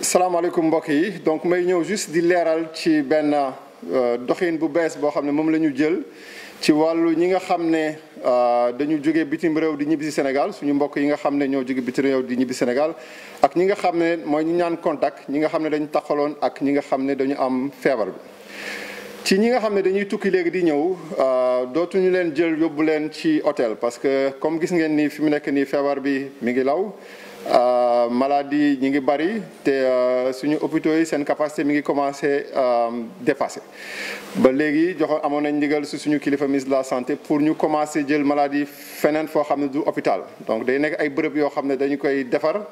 salaamaaleykum mbokk yi donc may ñëw juste di leeral ci benn euh, doxin bu bees boo xam ne moom la ñu jël ci wàllu ñi nga xam ne euh, dañu jóge bitim réew di ñibbi si Sénégal suñu mbokk yi nga xam ne ñoo jóge bitim réew di ñibbi Sénégal ak ñi nga xam ne mooy ñu ñaan contact ñi nga xam ne dañu taxaloon ak ñi nga xam ne dañu am feebar bi. ci ñi nga xam ne dañuy tukki léegi di ñëw euh, dootuñu leen jël yóbbu leen ci hôtel parce que comme gis ngeen nii fi mu nekk nii feebar bi mi ngi law euh, maladie ñi ngi bari te euh, suñu hôpitaux yi seen capacité mi ngi commencé dépassé ba léegi joxoon amoon nañ ndigal si suñu kilifa ministre de la santé pour ñu commencé jël maladie feneen foo xam ne du hôpital donc day nekk ay bërëb yoo xam ne dañu koy defar.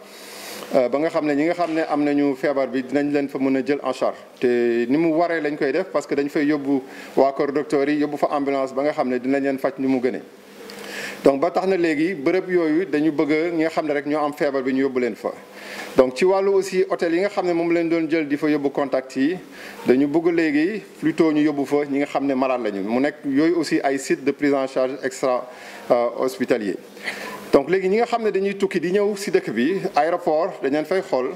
Euh, ba nga xam ne ñi nga xam ne am nañu feebar bi dinañ leen fa mën a jël en charge te ni mu waree lañ koy def parce que dañ fay yóbbu waa kër docteur yi yóbbu fa ambulance ba nga xam ne dinañ leen faj ni mu gënee. donc ba tax na léegi bërëb yooyu dañu bëgg nga xam ne rek ñoo am feebar bi ñu yóbbu leen fa donc ci wàllu aussi hôtel yi nga xam ne moom leen doon jël di fa yóbbu contact yi dañu bëgg léegi plutôt ñu yóbbu fa ñi nga xam ne malade lañu mu nekk yooyu aussi ay site de prise en charge extra euh, hospitalier donc léegi ñi nga xam ne dañuy tukki di ñëw si dëkk bi aéroport dañ leen fay xool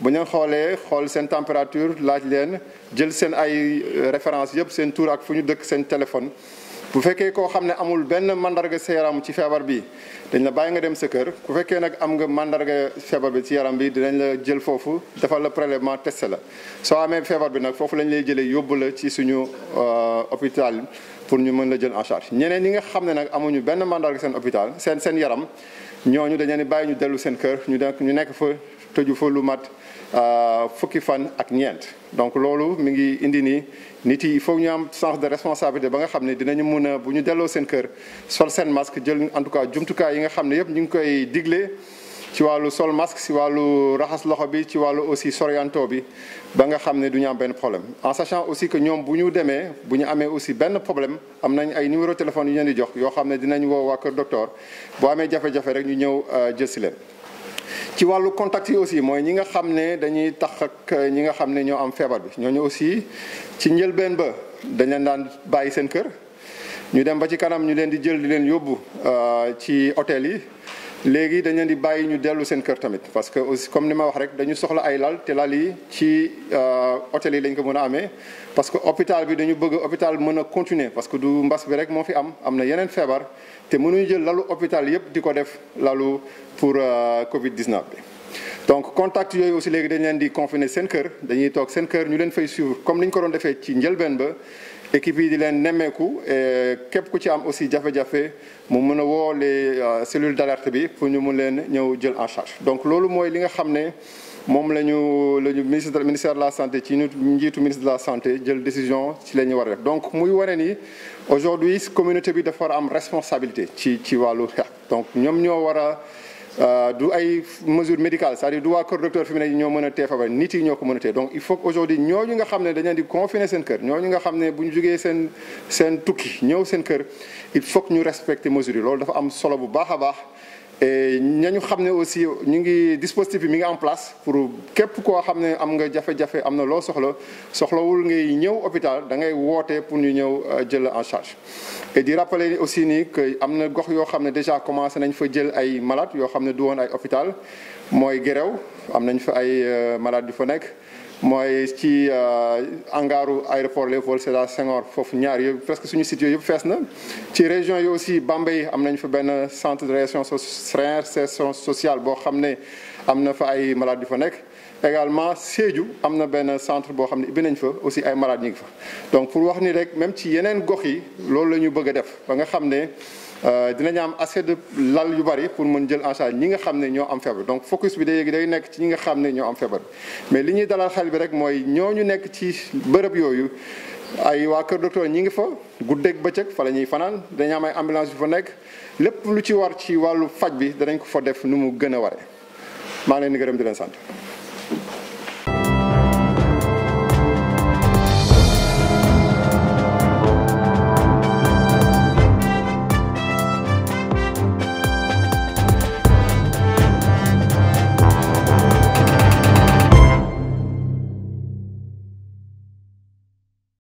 bu ñu xoolee xool seen température laaj leen jël seen ay euh, référence yëpp seen tour ak fu ñu dëkk seen téléphone bu fekkee koo xam ne amul benn mandarga sa yaram ci feebar bi dañ la bàyyi nga dem sa kër ku fekkee nag am nga màndarga feebar bi ci yaram bi dinañ la jël foofu defal la prélèvement testé la soo amee feebar bi nag foofu lañ lay jëlee yóbbu la ci suñu euh, hôpital pour ñu mën la jël en charge ñeneen ñi nga xam ne nag amuñu benn mandarga seen hôpital seen seen yaram ñooñu dañu leen bàyyi ñu dellu seen kër ñu nekk ñu nekk fa tëju fa lu mat euh, fukki fan ak ñeent. donc loolu mi ngi indi nii nit yi foog ñu am sens de responsabilité ba nga xam ne dinañu mun a bu ñu delloo seen kër sol seen masque jël en tout cas jumtukaay yi nga xam ne yëpp ñu ngi koy digle. ci wàllu sol masque ci wàllu raxas loxo bi ci wàllu aussi sorianto bi ba nga xam ne du ñu am benn problème en sachant aussi que ñoom bu ñu demee bu ñu amee aussi benn problème am nañ ay numéro téléphone yu ñu leen di jox yoo xam ne dinañ woo waa kër docteur boo amee jafe-jafe rek ñu ñëw euh, jël si leen. ci wàllu contact yi aussi mooy ñi nga xam ne dañuy tax euh, ñi nga xam ne ñoo am feebar bi ñu aussi ci njëlbeen ba dañ leen daan bàyyi seen kër ñu dem ba ci kanam ñu leen di jël di leen yóbbu euh, ci hôtel yi. léegi dañ leen di bàyyi ñu dellu seen kër tamit parce que aussi comme ni ma wax rek dañu soxla ay lal te lal yi ci euh, hôtel yi lañ ko mën a amee parce que hôpital bi dañu bëgg hôpital mën a continuer parce que du mbas bi rek moo fi am am na yeneen feebar te mënuñu jël lalu hôpital yëpp di ko def lalu pour euh, Covid 19 bi. donc contact yooyu aussi léegi dañ leen di confiner seen kër dañuy toog seen kër ñu leen fay suivre comme ni ñu ko doon defee ci njëlbeen ba équipe yi di leen nemmeeku képp ku ci am aussi jafe-jafe mu mën a woo les euh, cellules d'alerte bi pour ñu mun leen ñëw jël en charge donc loolu mooy li nga xam ne moom la ñu la ñu ministre ministère de la santé ci ñu njiitu ministre de la santé jël décision ci la ñu war a donc muy wane ni aujourd'hui communauté bi dafa war a am responsabilité ci ci wàllu xeex war Euh, du ay mesure médicale c'est-à-dire du waa kër docteur fi mu ñoo mën a tee feebar nit yi ñoo ko mën a tee donc il faut que aujourd'hui ñooñu nga xam ne dañ leen di confiner seen kër ñooñu nga xam ne bu ñu jógee seen seen tukki ñëw seen kër il faut que ñu respecter mesures yi loolu dafa am solo bu baax a baax et ñañu xam ne aussi ñu ngi dispositif mi ngi en place pour képp koo xam ne am nga jafe-jafe am na loo soxla soxlawul ngay ñëw hôpital da ngay woote pour ñu ñëw euh, jël en charge. et di rappeler aussi ni que am na gox yoo xam ne déjà commencé nañ fa jël ay malades yoo xam ne du woon ay hôpital. mooy Guéréw am nañ fa ay euh, malade yu fa nekk mooy ci euh, angaaru aéroport Léopold Sédar Senghor foofu ñaar yooyu presque suñu site yooyu yëpp fees na ci région yi aussi Bambey am nañ fa benn centre de réinsertion sociale boo xam ne am na fa ay malade yu fa nekk également Sédhiou am na benn centre boo xam ne ibbi nañ fa aussi ay malade ñu ngi fa donc pour wax nii rek même ci yeneen gox yi loolu la ñu bëgg a def ba nga xam ne Euh, dinañ am assez de lal yu bari pour mën jël en ñi nga xam ne ñoo am feebar donc focus bi day day nekk ci ñi nga xam ne ñoo am feebar mais li ñuy dalal xel bi rek mooy ñoo ñu nekk ci bërëb yooyu ay waa kër docteur ñi ngi fa guddeeg bëccëg fa la ñuy fanaan dañu am ay ambulance yu fa nekk lépp lu ci war ci wàllu faj bi danañ ko fa def nu mu gën a ware maa ngi leen di gërëm di leen sant